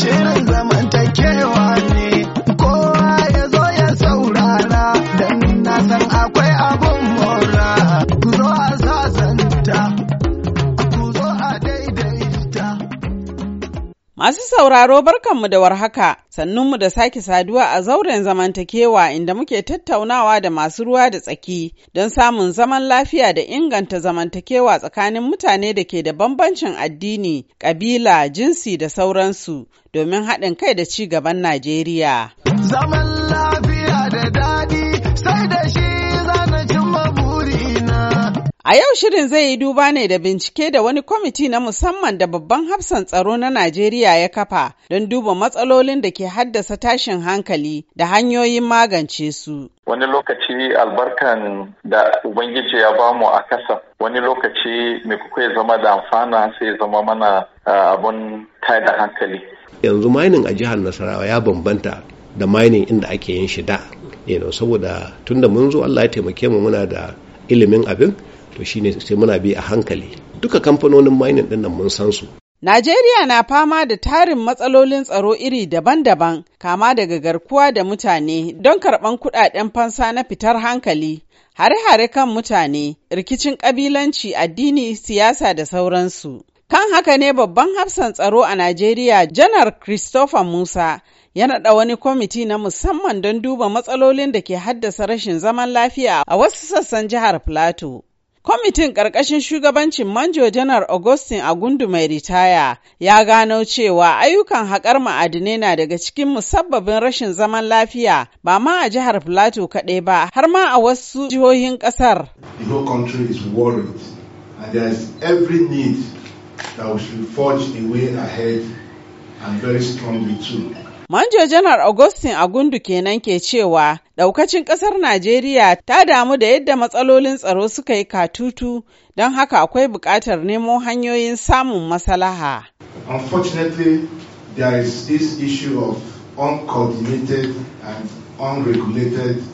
shirin zamantakewa Masu sauraro barkanmu da warhaka, sannunmu da sake saduwa a zauren zamantakewa inda muke tattaunawa da masu ruwa da tsaki don samun zaman lafiya da inganta zamantakewa tsakanin mutane da ke da bambancin addini, ƙabila, jinsi da sauransu domin haɗin kai da ci gaban Najeriya. Zaman lafiya da daɗi sai A yau shirin zai yi duba ne da bincike da wani kwamiti na musamman da babban hafsan tsaro na Najeriya ya kafa don duba matsalolin da ke haddasa tashin hankali da hanyoyin magance su. Wani lokaci albarkan da Ubangiji ya bamu a kasa, wani lokaci mai kuka zama da amfana sai zama mana abun da hankali. Yanzu mining a jihar Nasarawa ya bambanta da mining inda ake yin shi da. saboda tunda mun zo Allah ya taimake mu muna da ilimin abin to shi ne sai muna bi a hankali duka kamfanonin mining din nan mun san su Najeriya na fama da tarin matsalolin tsaro iri daban-daban kama daga garkuwa da mutane don karɓan kuɗaɗen fansa na fitar hankali hare-hare kan mutane, rikicin ƙabilanci, addini, siyasa da sauransu. Kan haka ne babban hafsan tsaro a Najeriya, Janar Christopher Musa, ya naɗa wani kwamiti na musamman don duba matsalolin da ke haddasa rashin zaman lafiya a wasu sassan jihar Plateau. Kwamitin ƙarƙashin shugabancin Manjo Janar Augustin gundu mai ritaya ya gano cewa ayyukan haƙar ma'adinai na daga cikin musabbabin rashin zaman lafiya ba ma a jihar Filato kaɗai ba har ma a wasu jihohin ƙasar. The whole country is worried and there is every need that we should forge a way ahead Manjo Janar Augustin Agundu kenan ke cewa ɗaukacin ƙasar Najeriya ta damu da yadda matsalolin tsaro suka yi katutu don haka akwai buƙatar nemo hanyoyin samun masalaha Unfortunately, there is this issue of uncoordinated and unregulated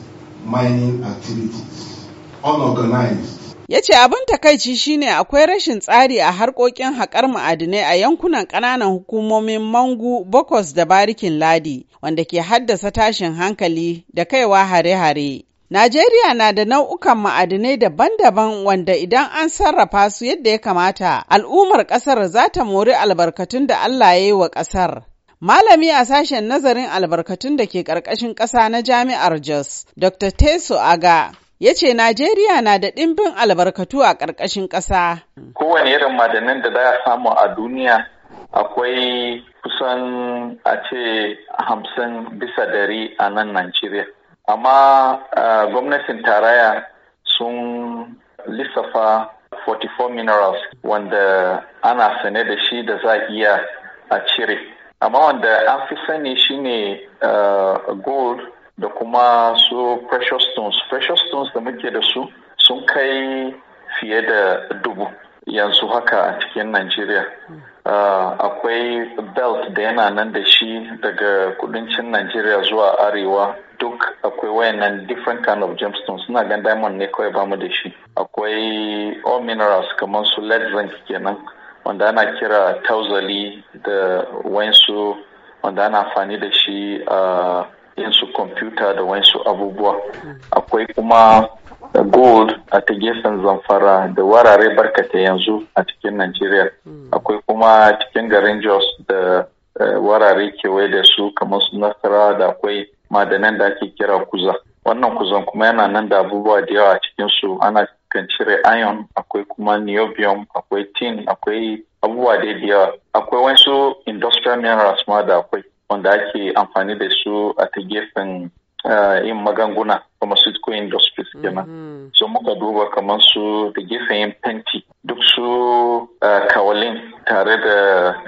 mining activities, unorganized ya ce abin takaici shine akwai rashin tsari a harkokin haƙar ma'adinai a yankunan ƙananan hukumomin mangu bokos da barikin ladi wanda ke haddasa tashin hankali da kaiwa hare-hare Najeriya na da nau'ukan ma'adinai daban-daban wanda idan an sarrafa su yadda ya kamata al'ummar ƙasar za ta mori albarkatun da Allah ya yi wa ƙasar. Malami a sashen nazarin albarkatun da ke ƙarƙashin ƙasa na jami'ar Jos, Dr. Teso Aga, ya ce Najeriya na da ɗimbin albarkatu a ƙarƙashin ƙasa. Kowane irin madanin da za a samu a duniya akwai kusan a ce hamsin bisa dari a nan Najeriya. Amma gwamnatin taraya sun lissafa 44 minerals wanda ana sane da shi da za iya a cire. Amma wanda an fi sani shine gold da kuma su precious stones precious stones da muke da su sun kai fiye da dubu yanzu haka a cikin Najeriya. Uh, hmm. ah, akwai belt da yana nan da shi daga kudancin Najeriya zuwa arewa duk akwai wayannan different kind of gemstones suna gan diamond ne kawai bamu da shi akwai all minerals kamar su lead zinc kenan wanda ana kira tausali da wayansu wanda ana amfani da shi uh, yin su kwamfuta da wasu abubuwa akwai kuma eh, gold a ta gefen zamfara da warare barkata yanzu a cikin Najeriya hmm. akwai kuma cikin garin Jos da eh, warare kewaye da su kamar su nasara da akwai madanan da ake kira kuza wannan kuzan kuma yana nan da abubuwa da yawa a cikin su ana kan cire iron akwai kuma niobium akwai tin akwai abubuwa da yawa akwai wasu industrial minerals ma da akwai wanda ake amfani da su a ta gefen eh, yin maganguna pharmaceutical industries kenan mm-hmm. so muka duba kamar su da gefen yin fenti duk su eh, kawalin tare da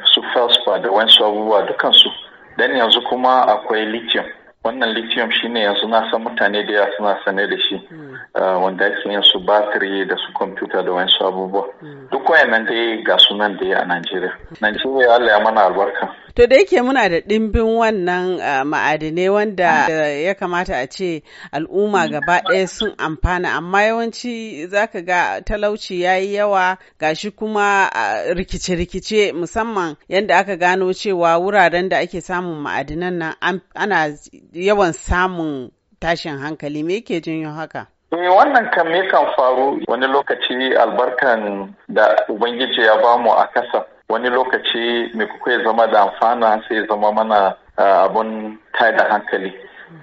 su felspar da wani abubuwa dukansu dan yanzu kuma akwai lithium wannan lithium shine yanzu na san mutane da yawa suna sane da shi mm. eh, wanda ake yin su batiri da su kwamfuta da wani abubuwa mm. duk wayannan dai ga sunan da ya a Najeriya Najeriya Allah ya mana albarka To da yake muna da ɗimbin wannan eh, ma'adinai wanda ya kamata a ce al'umma mm. gaba ɗaya sun amfana amma yawanci zaka ga talauci ya yi yawa shi kuma rikice-rikice musamman yadda aka gano cewa wuraren da ake samun ma'adinan nan ana yawan samun tashin hankali me yake janyo haka? Eh, wannan kan kam kan faru wani lokaci albarkan da ubangiji ya bamu a kasa wani lokaci mai kuka zama da amfana sai zama mana abun da hankali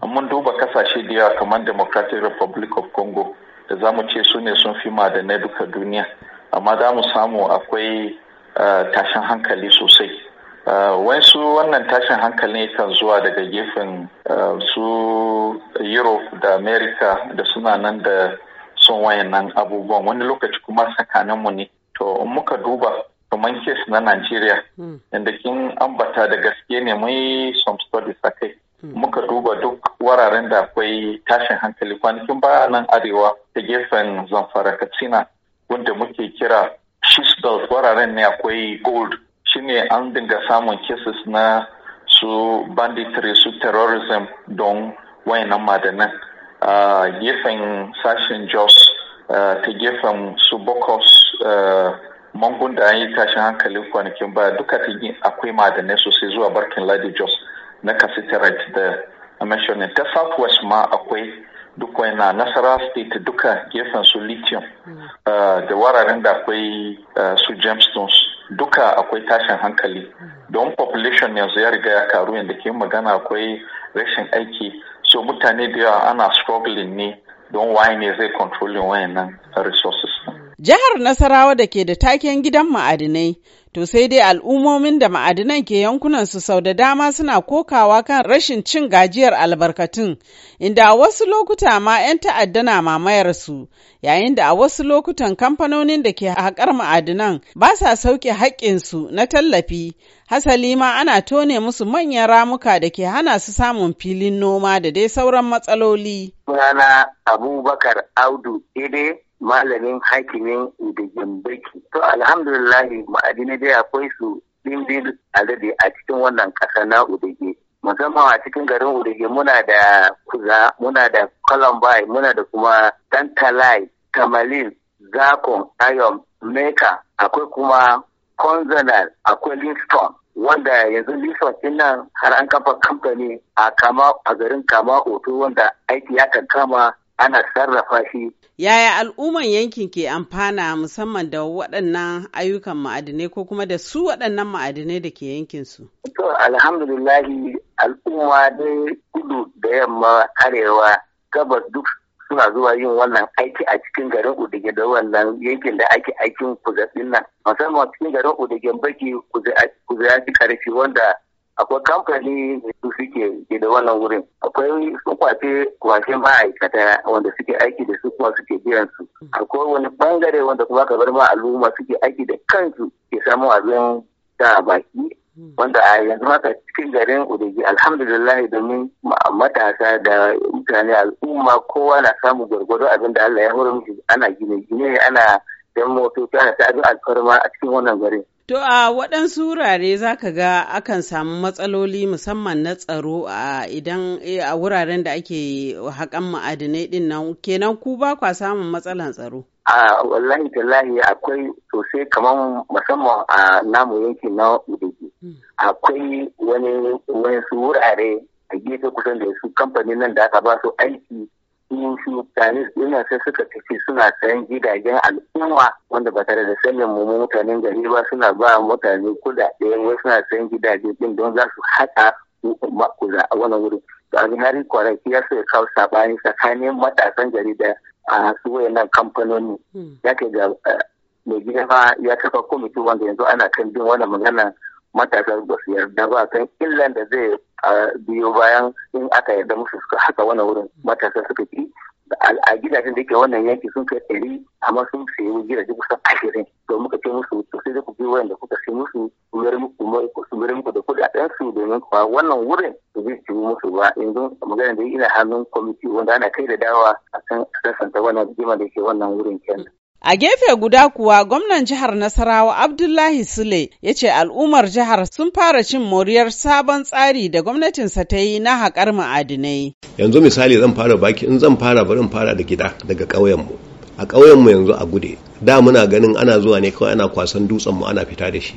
mun duba kasashe da yawa kamar democratic republic of congo da za mu ce su ne sun fi madanai duka duniya amma za mu samu akwai tashin hankali sosai su wannan tashin hankali kan zuwa daga gefen su europe da america da suna nan da son wayannan abubuwan wani lokaci kuma tsakaninmu ne to muka duba kamar kes na Najeriya hmm. inda kin ambata da gaske ne mai some studies a kai. Hmm. Muka duba duk wararen da akwai tashin hankali kwanakin baya nan arewa ta gefen zamfara katsina wanda muke kira shishbelt wararen ne akwai gold shine an dinga samun kesis na su banditry su terrorism don wayannan madanan a gefen sashen jos eh, ta gefen su bokos eh, mangun da an yi tashin hankalin kwanakin baya duka ta yi akwai ma'adanai sosai zuwa barkin ladi jos na cassiterite da mentioning ta south west ma akwai duk na nasara state duka gefen su lithium hmm. uh, da wararen da akwai uh, su gemstones duka akwai tashin hankali hmm. don population yanzu ya riga ya karu yadda ke magana akwai rashin aiki so mutane da yawa ana struggling ne don waye ne zai controlling wayannan resources Jihar Nasarawa da ke da taken gidan ma'adinai, to sai dai al'ummomin da ma'adinan ke yankunan su sau da dama suna kokawa kan rashin cin gajiyar albarkatun, inda a wasu lokuta ma 'yan ta'adda na mamayar su, yayin da a wasu lokutan kamfanonin da ke haƙar ma'adinan ba sa sauke haƙƙinsu na tallafi, hasali ma ana tone musu manyan ramuka da ke hana su samun filin noma da dai sauran matsaloli. Sunana Abubakar Audu Ide malamin hakimin da jambaki to alhamdulillahi ma'adinai dai akwai su dindin alade a cikin wannan ƙasa na udage musamman a cikin garin udage muna da kuza muna da kalambai muna da kuma tantalai tamalin zakon ayom meka akwai kuma consonal akwai livingston wanda yanzu livingston din nan har an kafa kamfani a garin kama oto wanda aiki ya kan kama ana sarrafa shi. Yaya al'umman yankin ke amfana musamman da waɗannan ayyukan ma'adinai ko kuma da su waɗannan ma'adinai da ke yankin su? To alhamdulillahi al'umma da kudu da yamma arewa gabas duk suna zuwa yin wannan aiki a cikin garin Udige da wannan yankin da ake aikin kuzaɗin nan. Musamman cikin garin Udige baki kuzaɗi karfi wanda akwai kamfani su suke ke da wannan wurin akwai sun kwace kwace ma'aikata wanda suke aiki da su kuma suke biyan su akwai wani bangare wanda kuma ka ma al'umma suke aiki da kansu ke samu abin da baki wanda a yanzu haka cikin garin Udigi alhamdulillah domin matasa da mutane al'umma kowa na samun gwargwado abin da Allah ya hurumci ana gine-gine ana dan motoci ana ta abin alfarma a cikin wannan garin To a waɗansu wurare za ka ga akan samu matsaloli musamman na tsaro eh, a wuraren da ake haƙan ma'adinai ɗin nan kenan ku ba kwa samun matsalan tsaro. A wallahi tallahi akwai sosai kamar musamman a namu yanki na Udigi. Hmm. Akwai wani wani wurare a gefe kusan da su kamfanin nan da aka ba su aiki mutane ina sai suka tafi suna sayan gidajen al'umma wanda ba tare da sanin mu mutanen gari ba suna ba mutane kudade wai suna sayan gidaje din don za su haɗa makuza a wani wuri to ordinary kwarai ya so kawo sabani tsakanin matasan gari da a su wayannan kamfanoni hmm. ya ke ga eh, mai gida ya kafa kwamiti wanda yanzu ana kan bin wani magana matasa ba su yarda ba kan illan da zai biyo bayan in aka yarda musu suka haka wannan wurin matasa suka ki a gidajen da ke wannan yanki sun kai ɗari amma sun sayi gidaje kusan ashirin to muka ce musu to sai da ku bi wanda kuka sai musu kumar muku muku da kuɗaɗen su domin kuwa wannan wurin su bi ci musu ba yanzu magana da ina hannun kwamiti wanda ana kai da dawa a san santa wannan rigima da yake wannan wurin kenan. A gefe guda kuwa gwamnan jihar Nasarawa Abdullahi Sule ya ce al'ummar jihar sun fara cin moriyar sabon tsari da gwamnatinsa ta yi na haƙar ma'adinai. Yanzu misali zan fara baki in zan fara barin fara da gida daga ƙauyenmu. A ƙauyenmu yanzu a gude, da muna ganin ana zuwa ne kawai ana kwasan dutsenmu ana fita da shi.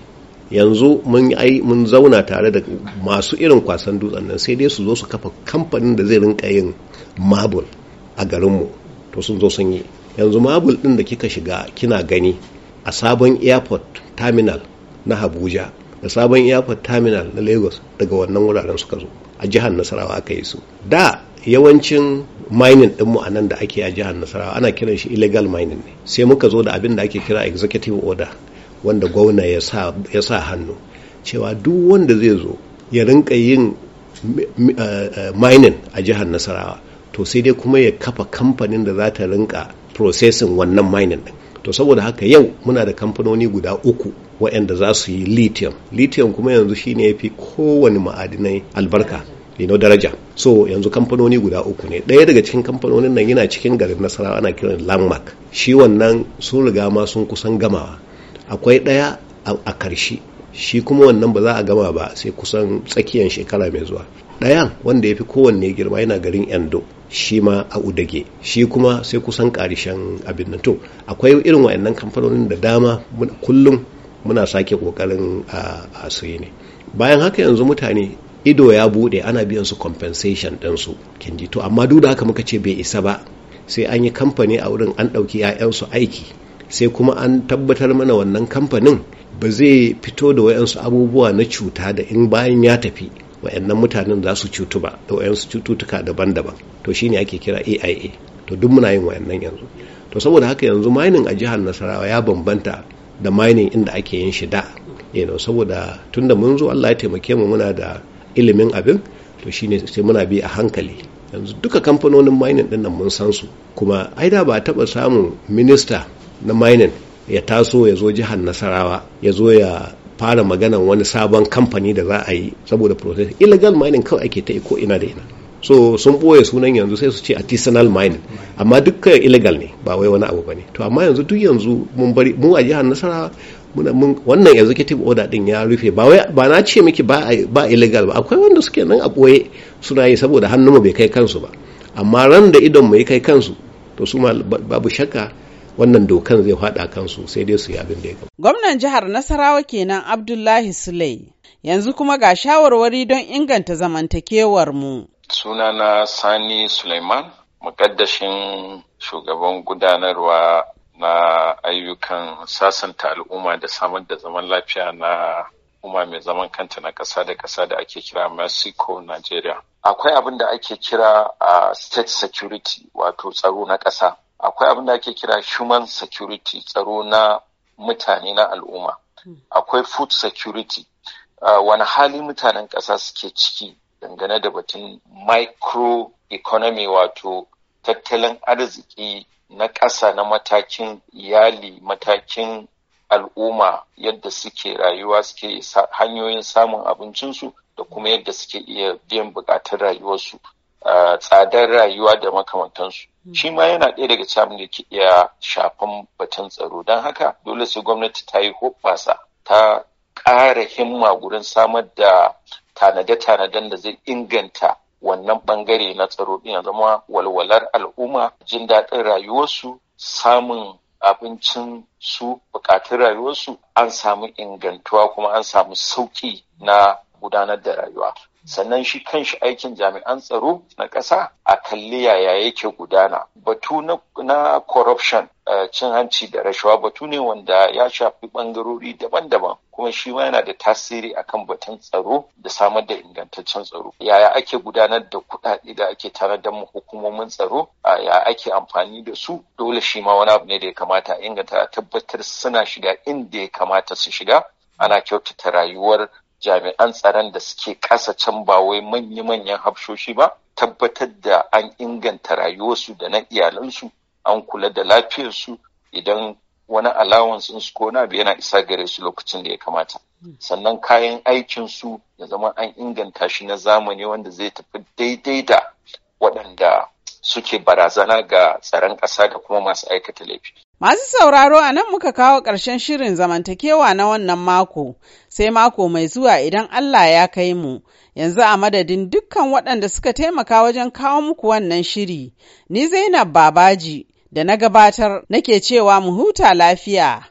Yanzu mun ai mun zauna tare da masu irin kwasan dutsen nan sai dai su zo su kafa kamfanin da zai rinka yin mabul a garinmu to sun zo sun yi. yanzu mabul ɗin da kika shiga kina gani a sabon airport terminal na Habuja da sabon airport terminal na Lagos daga wannan wuraren suka zo a jihar Nasarawa aka yi su da yawancin mining ɗinmu a nan da ake a jihar Nasarawa ana kiran shi illegal mining ne sai muka zo da abin da ake kira executive order wanda gwamna ya sa hannu cewa duk wanda zai zo ya rinka yin eh, eh, mining a jihar Nasarawa to sai dai kuma ya kafa kamfanin da za ta rinka processing wannan mining din to saboda haka yau muna da kamfanoni guda uku waɗanda za su yi lithium lithium kuma yanzu shine ya fi kowane ma'adinai albarka lino daraja so yanzu kamfanoni guda uku ne ɗaya daga cikin kamfanonin nan yana cikin garin nasarawa ana kiran landmark shi wannan sun riga ma sun kusan gamawa akwai ɗaya a ƙarshe shi kuma wannan ba za a gama ba sai kusan tsakiyar shekara mai zuwa ɗayan wanda ya fi kowanne girma yana garin endo shi ma a udage shi kuma sai kusan karishen abin nan to akwai irin wa'annan kamfanonin da dama kullum muna sake kokarin a asiri ne bayan haka yanzu mutane ido ya bude ana biyan su compensation ɗinsu kinji to amma duk da haka muka ce bai isa ba sai an yi kamfani a wurin an ɗauki su aiki sai kuma an tabbatar mana wannan kamfanin ba zai fito da wayansu abubuwa na cuta da in bayan ya tafi wayannan mutanen za su cutu ba da wayansu cututtuka daban-daban to shine ake kira AIA to duk muna yin wayannan yanzu to saboda haka yanzu mining a jihar Nasarawa ya bambanta da mining inda ake yin shi da you saboda tunda mun zo Allah ya taimake mu muna da ilimin abin to shine sai muna bi a hankali yanzu duka kamfanonin mining din nan mun san su kuma ai da ba taba samun minista na mining ya taso ya zo jihar Nasarawa ya zo ya fara maganan wani sabon kamfani da za a yi saboda process illegal mining kawai ake ta ko ina da ina so sun boye sunan yanzu sai su ce artisanal mining amma dukkan illegal ne ba wai wani abu ba ne to amma yanzu duk yanzu mun bari mu a jihar nasara wannan executive order din ya rufe ba wai ba na ce miki ba ba illegal ba akwai wanda suke nan a boye. suna yi saboda mu bai kai kansu ba amma ran da idon mai kai kansu to su babu shakka wannan dokan zai faɗa kansu sai dai su yi abin da ya gaba. Gwamnan jihar Nasarawa kenan Abdullahi Sulai yanzu kuma ga shawarwari don inganta zamantakewar mu. Suna na Sani Suleiman, mukaddashin shugaban gudanarwa na ayyukan sasanta al'umma da samar da zaman lafiya na umma mai zaman kanta na ƙasa da ƙasa da ake kira Mexico, Nigeria. Akwai abin da ake kira a ah, state security wato tsaro na ƙasa. akwai abin da ake kira human security tsaro na mutane na al'umma hmm. akwai food security uh, wani hali mutanen ƙasa suke ciki dangane da batun micro economy wato tattalin arziki na ƙasa na matakin iyali matakin al'umma yadda suke rayuwa suke hanyoyin samun abincinsu da kuma yadda suke iya biyan buƙatar rayuwarsu Eh, tsadar rayuwa da makamantansu hmm. shi ma yana ɗaya daga samun da ke iya shafan batun tsaro don haka dole sai gwamnati ta yi hoɓasa, ta ƙara himma gurin samar da tanade-tanaden da zai inganta wannan ɓangare na tsaro ɗin zama walwalar al'umma jin daɗin rayuwarsu samun abincin su bukatun rayuwarsu an samu ingantuwa kuma an samu sauƙi na gudanar da rayuwa sannan shi kanshi aikin jami'an tsaro na ƙasa a kalli yaya yake gudana batu na corruption eh, cin hanci da rashawa batu ne wanda ya shafi ɓangarori daban-daban kuma shi ma yana da tasiri akan batun tsaro da samar da ingantaccen tsaro yaya ake gudanar da kuɗaɗe da ake tare da hukumomin tsaro yaya ake amfani da su dole shi ma wani abu ne da ya kamata a inganta a tabbatar suna shiga inda ya kamata su shiga ana kyautata rayuwar jami'an tsaron da suke kasa can ba wai manya-manyan hafshoshi ba tabbatar da an inganta rayuwarsu da na iyalansu an kula da lafiyarsu idan wani alawansu su ko na yana isa gare su lokacin da ya kamata sannan kayan aikinsu ya zama an inganta shi na zamani wanda zai tafi daidai da waɗanda suke barazana ga tsaron ƙasa da kuma masu aikata laifi. Masu sauraro a nan muka kawo ƙarshen shirin zamantakewa na wannan mako, sai mako mai zuwa idan Allah ya kai mu, yanzu a madadin dukkan waɗanda suka taimaka wajen kawo muku wannan shiri, ni Zainab Babaji da na gabatar nake cewa mu huta lafiya.